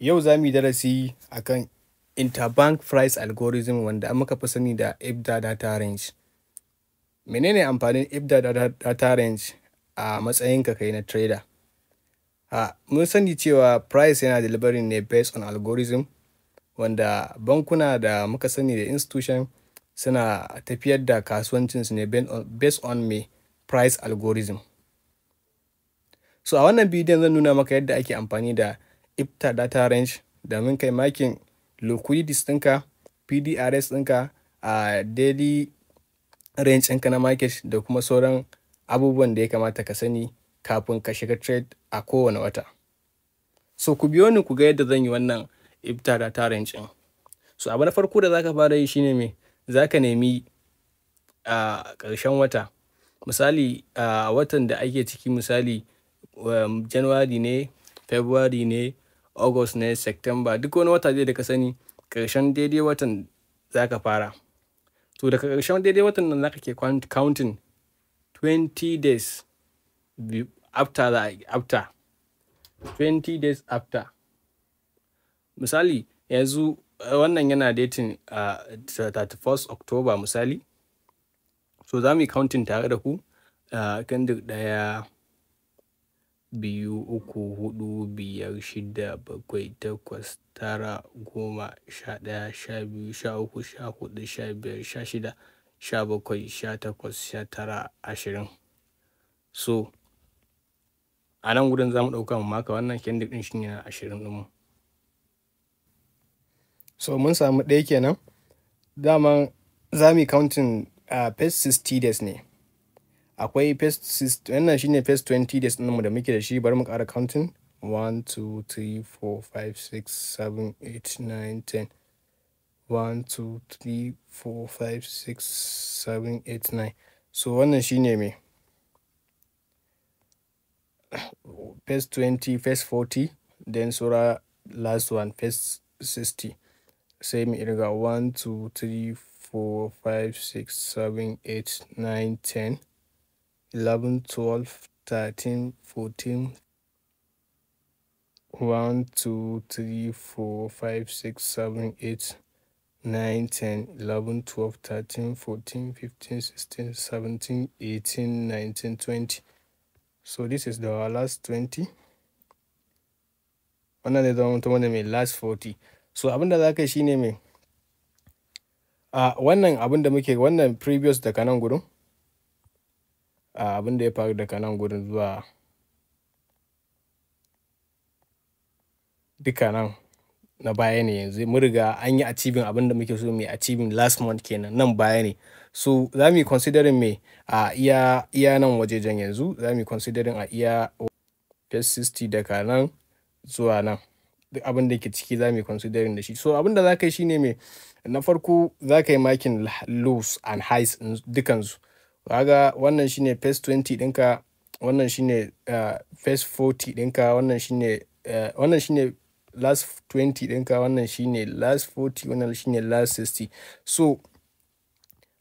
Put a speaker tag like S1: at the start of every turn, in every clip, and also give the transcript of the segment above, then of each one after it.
S1: Yau za mu yi darasi a kan Interbank Price Algorithm wanda an muka fi sani da IBDA Data Range. Menene amfanin IBDA Data Range a matsayinka kai na trader? A mun sani cewa price yana delivery ne based on algorithm wanda bankuna da muka sani da institution suna tafiyar da kasuwancinsu ne based on me price algorithm. So a wannan bidiyon zan nuna maka yadda ake amfani da ipta data range domin kai makin liquidity ɗinka pdrs ɗinka a daily range ɗinka na market da kuma sauran abubuwan da ya kamata ka sani kafin ka shiga trade a kowane wata so ku biyo ni ku ga yadda zan yi wannan ipta data range ɗin so abu na farko da zaka fara yi shine me zaka nemi a uh, ƙarshen wata misali a uh, watan da ake ciki misali um, january ne february ne august ne september duk wani wata dai da ka sani ƙarshen daidai watan za ka fara to daga ƙarshen daidai watan nan za ka ke counting 20 days after the, after 20 days after misali yanzu eh, wannan yana datin a ah, 31st october misali so za mu yi counting tare da ku a ah, kan duk daya biyu, uku, huɗu, biyar, shida, bakwai, takwas, tara, goma, sha ɗaya, sha biyu, sha uku, sha huɗu, sha biyar, sha shida, sha bakwai, sha takwas, sha tara, ashirin. So a nan gudun za mu ɗauka mu maka wannan candle ɗin shine na ashirin ɗinmu. So mun samu ɗaya kenan. Daman za mu yi counting a page 60 days ne. akwai wannan shi ne phase 20 days ɗinmu da muke da shi bari mu ƙara counting 1 2 3 4 5 6 7 8 9 10 1 2 3 4 5 6 7 8 9 so wannan shi ne me phase 20 phase 40 then sura last one phase 60 sai mai irga 1 2 3 4 5 6 7 8 9 10 11, 12, 13, 14, 1, 2, 3, 4, 5, 6, 7, 8, 9, 10, 11, 12, 13, 14, 15, 16, 17, 18, 19, 20. So this is the last 20. Wannan ne zama mutum wanda mai last 40. So abinda za ka shi ne mai, ah, wannan abinda muke, wannan previous daga nan gudun, abin da ya faru daga nan gudun zuwa duka nan na baya ne yanzu mun riga an yi achieving abin da muke so mu yi achieving last month kenan nan baya ne so za mu yi considering me a iya iya nan wajejen yanzu za mu yi considering a iya plus 60 daga nan zuwa nan duk abin da ke ciki za mu yi considering da shi so abin da za ka yi shine me na farko za ka yi makin lows and highs dukansu kaga wannan shine phase 20 dinka wannan shine uh, phase 40 dinka wannan shine uh, wannan shine last 20 dinka wannan shine last 40 wannan shine last 60 so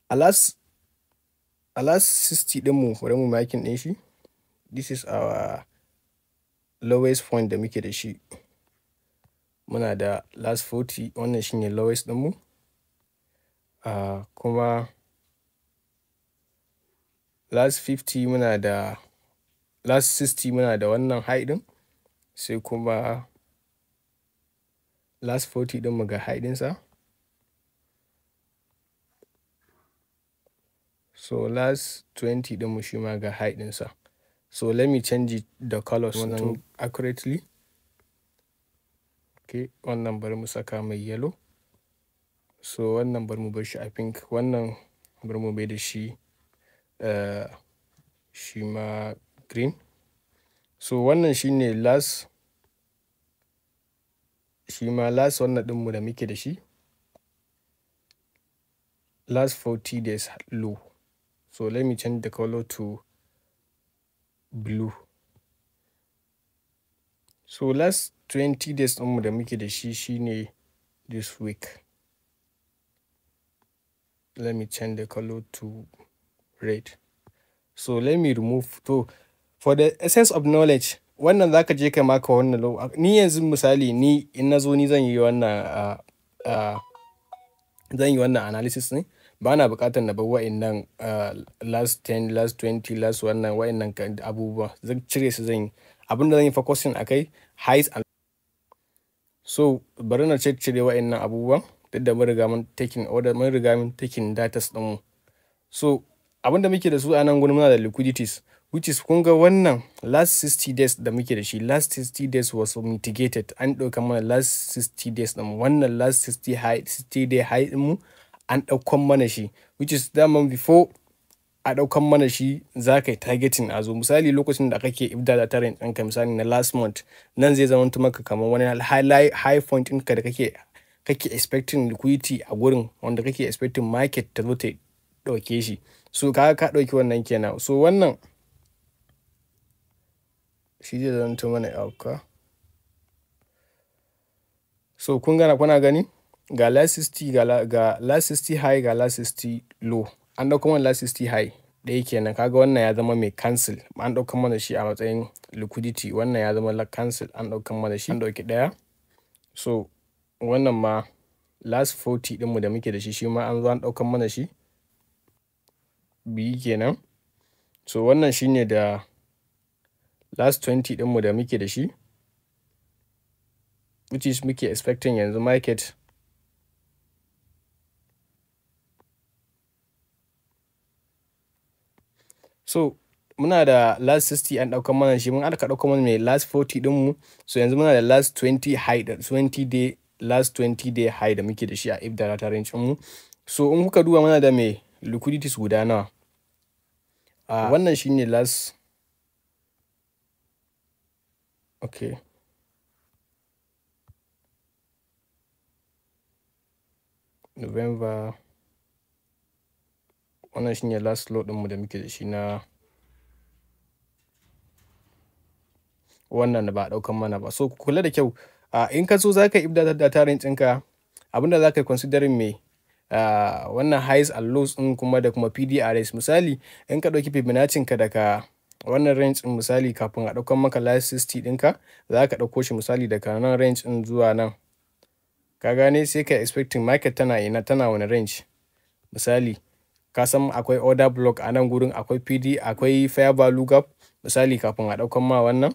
S1: a last a last 60 ɗinmu bari mu makin ɗin shi this is our lowest point da muke da shi muna da last 40 wannan shine lowest ɗinmu uh, ah, kuma last 50 muna da last 60 muna da wannan height sai kuma last 40 din mu ga height ɗinsa so last 20 din mu shi ma ga height ɗinsa so let me change the colors to accurately okay wannan bari mu saka mai yellow so wannan bari mu bar shi a pink wannan bari mu bai da shi Eh, shi ma green so wannan shine last shi ma last wannan ɗinmu da muke da shi last 40 days low so let me change the color to blue so last 20 days ɗinmu da muke da shi shine this week let me change the color to red so let me remove to for the essence of knowledge wannan zaka je kai maka wannan ni yanzu misali ni in na zo ni zan yi wannan zan yi wannan analysis ne ba na bukatar na bar wa'annan last 10 last 20 last wannan wa'annan abubuwa zan cire su zan yi abinda zan yi focusing akai highs and so bari na ciccire wa'annan abubuwan duk da mun riga mun taking order mun riga mun taking data din mu so abin da muke da su a nan gudun muna da liquidities which is kun ga wannan last 60 days da muke da shi last 60 days was mitigated an ɗauka mana last 60 days ɗin wannan last 60, high, 60 day high mu an ɗaukan mana shi which is daman before a ɗaukan mana shi za ka yi targeting a zo misali lokacin da kake ibda da tarin ɗinka misali na last month nan zai zama maka kamar wani high point ɗinka da kake kake expecting liquidity a gurin wanda kake expecting market ta zo ta ɗauke shi so ka ka ɗauki wannan kenan so wannan shi zai zanto mana yauka so kun gana kuna gani ga last 60 ga, ga high ga last 60 low an dauka mana last 60 high ɗaya kenan kaga wannan ya zama mai cancel an dauka mana shi a matsayin liquidity wannan ya zama cancel an dauka mana shi an ɗauki ɗaya so wannan ma last 40 ɗinmu da muke da shi shi ma an zo an ɗaukan mana shi biyu kenan so wannan shine da last 20 ɗinmu da muke da shi which is muke expecting yanzu market so muna da last 60 an ɗaukar mana shi mun aka ɗaukar mana mai last 40 ɗinmu so yanzu muna da last 20 high 20 day last 20 day high da muke da shi a if da range mu so in kuka duba muna da mai liquidities guda nawa Ah. wannan shi ne last ok november wannan shi ne last load ɗinmu da muke da shi na wannan da ba a ɗaukan mana ba so kula da kyau ah, in ka so za ka ibda da tarin ɗinka abinda za ka yi considering me uh, wannan highs and lows din kuma da kuma PDRS misali in ka ɗauki Fibonacci ka daga wannan range din misali kafin a ɗaukan maka last 60 ɗinka za ka ɗauko shi misali daga nan range din zuwa nan ka gane sai ka expecting market tana ina tana wani range misali ka san akwai order block a nan gurin akwai PD akwai fair value gap misali kafin a ɗaukan ma wannan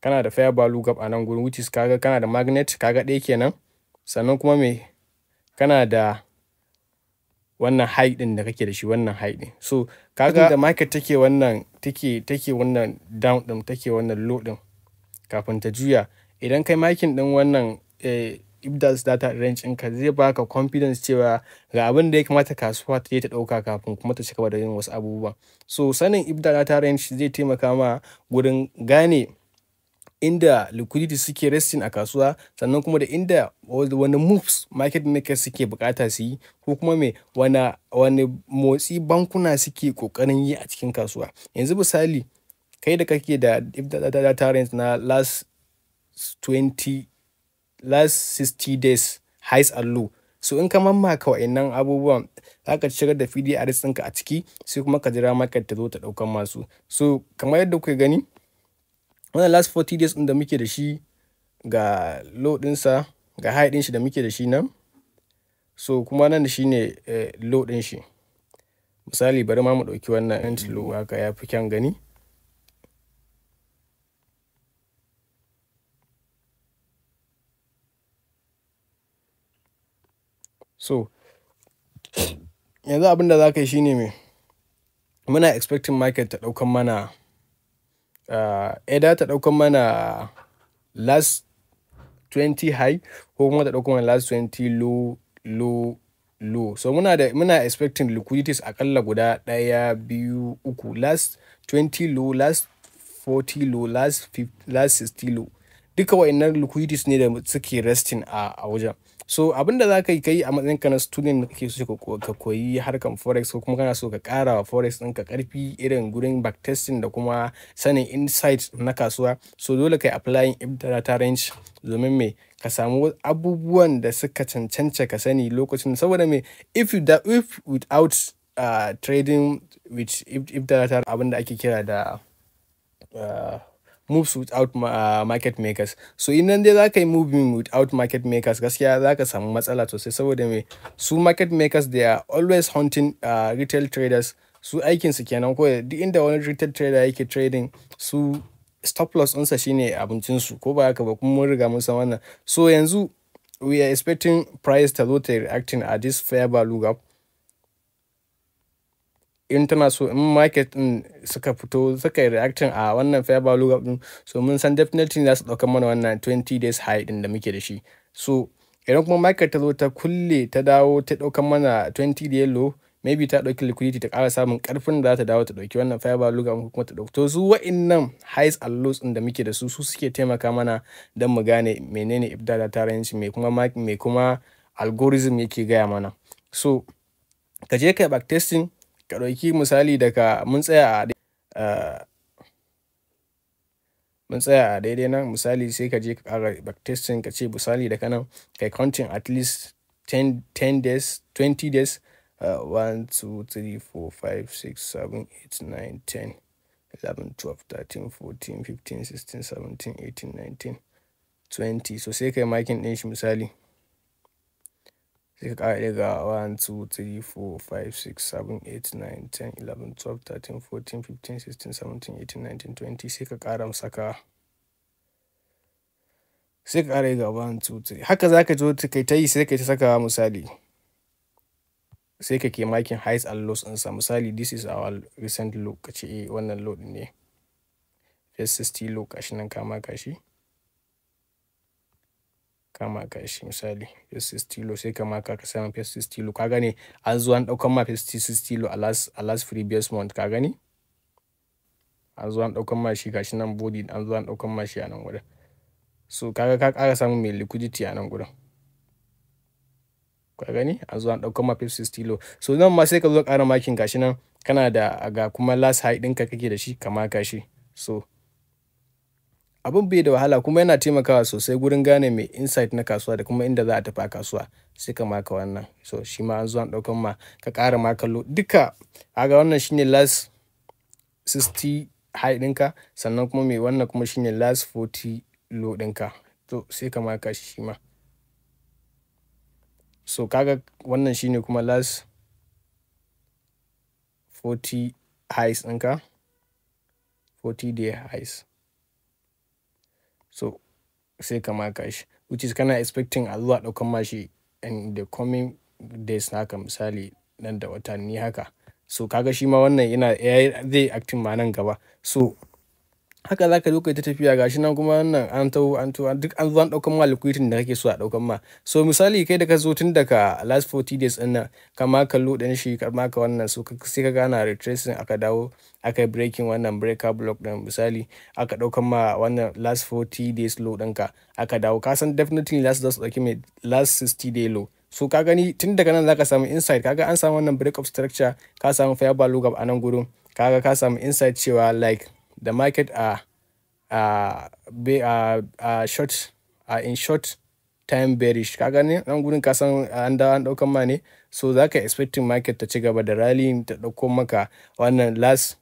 S1: kana da fair value gap a nan gurin which is kaga kana da magnet kaga ɗaya kenan sannan kuma me kana da wannan high din da kake da shi wannan high din so kaga da market take wannan take take wannan down din take wannan low din kafin ta juya idan kai makin din wannan eh, ibdas data range ɗinka zai baka confidence cewa ga abin da ya kamata kasuwa ta je ta ɗauka kafin kuma ta cigaba da yin wasu abubuwa so sanin ibda data range zai taimaka ma gurin gane inda liquidity suke resting a kasuwa sannan kuma da inda wani moves market makers suke bukata su yi ko kuma mai wani motsi bankuna suke kokarin yi a cikin kasuwa yanzu misali kai da kake da data rent na last 20 last 60 days highs and low so in ka mamaka wa'annan abubuwan za ka shigar da pdrs ɗinka a ciki sai kuma ka jira market ta zo ta ɗaukan masu so kamar yadda kuke gani wannan last 40 days ɗin da muke da shi ga low ɗinsa ga high shi da muke da shi nan so kuma nan da shi ne eh, low shi misali bari ma mu ɗauki wannan end low haka ya fi kyan gani so yanzu abin da za ka yi shine mai muna expecting market ta ɗaukan mana uh, eh, either ta ɗaukan mana last 20 high ko kuma ta ɗaukan mana last 20 low low low so muna da muna expecting liquidities akalla guda ɗaya biyu uku last 20 low last 40 low last 50, last 60 low duka wa'annan liquidities ne da suke resting a wajen so abin da za ka yi kai a matsayin ka na student da kake so ka koyi harkar forex ko kuma kana so ka kara wa forex din ka karfi irin gurin backtesting da kuma sanin insight na kasuwa so dole ka yi applying ibda ta range domin me ka samu abubuwan da suka cancanta ka sani lokacin saboda me if you da if without ah, trading with if da ta abin da ake kira da ah, moves without uh, market makers so in nan dai za ka yi moving without market makers gaskiya za ka samu matsala sosai saboda me su market makers they are always hunting uh, retail traders su aikinsu kenan ko duk inda wani retail trader yake trading su stop loss ɗinsa shine abincinsu ko ba haka ba kuma mun riga mun san wannan so yanzu we are expecting price ta zo ta reacting at this fair value gap in tana so in market din suka fito suka yi reacting a wannan fair value gap din so mun san definitely za su dauka mana wannan 20 days high din da muke da shi so idan kuma market ta zo ta kulle ta dawo ta dauka mana 20 day low maybe ta ɗauki liquidity ta ƙara samun ƙarfin da za ta dawo ta ɗauki wannan fiber luga ko kuma ta ɗauki to su wa'innan highs and lows ɗin da muke da su su suke taimaka mana don mu gane menene ibda da taranci me kuma me kuma algorithm yake gaya mana so ka je kai backtesting ka ɗauki misali daga mun tsaya a mun tsaya a daidai nan misali sai ka je ka ƙara backtesting ka ce misali daga nan kai counting at least 10, days 20 days 1 2 3 4 5 6 7 8 9 10 11 12 13 14 15 16 17 18 19 20 so sai kai makin ɗin shi misali sai ka ƙara ɗigawa one two three four five six seven eight nine ten eleven twelve thirteen fourteen fifteen sixteen seventeen eighteen nineteen twenty sai ka kara saka sai ka kara daga one two three haka za ka zo kai ta yi sai ka ta saka misali sai ka ke makin highs and lows ɗinsa misali this is our recent low ka ce eh, wannan low ne first 60 low kashi nan ka kashi ka shi misali fes stilo sai ka maka ka sama fes stilo ka gane an zuwa an ɗaukan ma fes stilo a last a last previous month ka gani an zuwa an ɗaukan ma shi gashi nan body an zuwa an ɗaukan ma shi a nan gurin so kaga ka ƙara samun mai liquidity a nan gurin ka gani an zuwa an ɗaukan ma fes stilo so nan ma sai ka zo ƙara makin gashi nan kana da ga kuma last high ɗinka kake da shi ka maka shi so abin bai da wahala kuma yana taimakawa sosai gurin gane mai insight na kasuwa da kuma inda za a tafi a kasuwa sai ka maka wannan so shi ma an zo an ɗaukan ma ka ƙara ma kallo duka ga wannan shine last 60 high ɗinka sannan kuma mai wannan kuma shine last 40 low ɗinka to sai ka maka shi ma so kaga wannan shine kuma last 40 highs ɗinka 40 day highs so sai ka maka shi which is kana expecting a zuwa ɗaukan mashi in the coming days haka misali nan da watanni haka so kaga shi ma wannan yana zai acting ma nan gaba so haka za ka zo ka yi ta tafiya gashi nan kuma nan an ta'u an taho duk an zo an daukan ma liquidity da kake so a ɗaukan ma so misali kai da ka zo tun daga last 40 days din nan kama ka lo ɗin shi kama ka wannan so sai ka gana retracing aka dawo aka yi breaking wannan breaker block din misali aka ɗaukan ma wannan last 40 days low ka aka dawo ka san definitely last za su ɗauki mai last 60 day low so ka gani tun daga nan zaka samu insight kaga an samu wannan break of structure ka samu fair value gap a nan gurin kaga ka samu insight cewa like the market are uh, be, uh, uh, short uh, in short time bearish ka gane nan gurin ka san an da an daukan ma ne so zaka expecting market ta ci gaba da rally ta dauko maka wannan last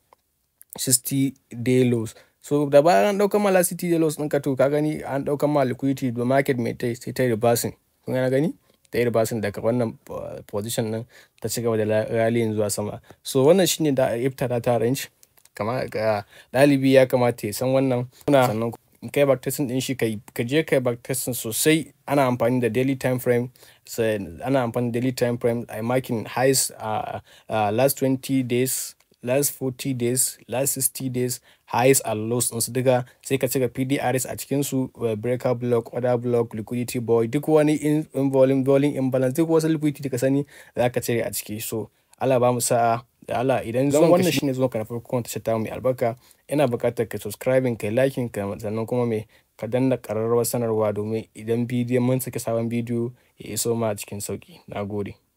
S1: 60 day lows so da ba an daukan ma last 60 day lows din ka to ka gani an daukan ma liquidity the market mai tai sai ta reversing kun ga gani ta yi reversing daga wannan eh, position nan ta ci gaba da rally zuwa sama so wannan shine da ifta ta range ɗalibi ya kamata ya san wannan sannan in kai baktasin testing din shi ka je kai baktasin sosai ana amfani da daily time frame ana amfani da daily time frame a makin highs uh, last 20 days last 40 days last 60 days highs and lows din su duka sai ka ci ga PDRs a cikin su eh, breaker block order block liquidity boy duk wani in volume volume imbalance duk wasu liquidity da ka sani za ka cire a ciki so Allah ba mu sa'a da Allah idan zan wannan shine zuwa ka na farko kuma tashar ta mai albarka ina bukatar ka subscribing kai likin ka sannan kuma mai ka danna ƙararrawar sanarwa domin idan bidiyon mun saki sabon bidiyo ya iso ma cikin sauki nagode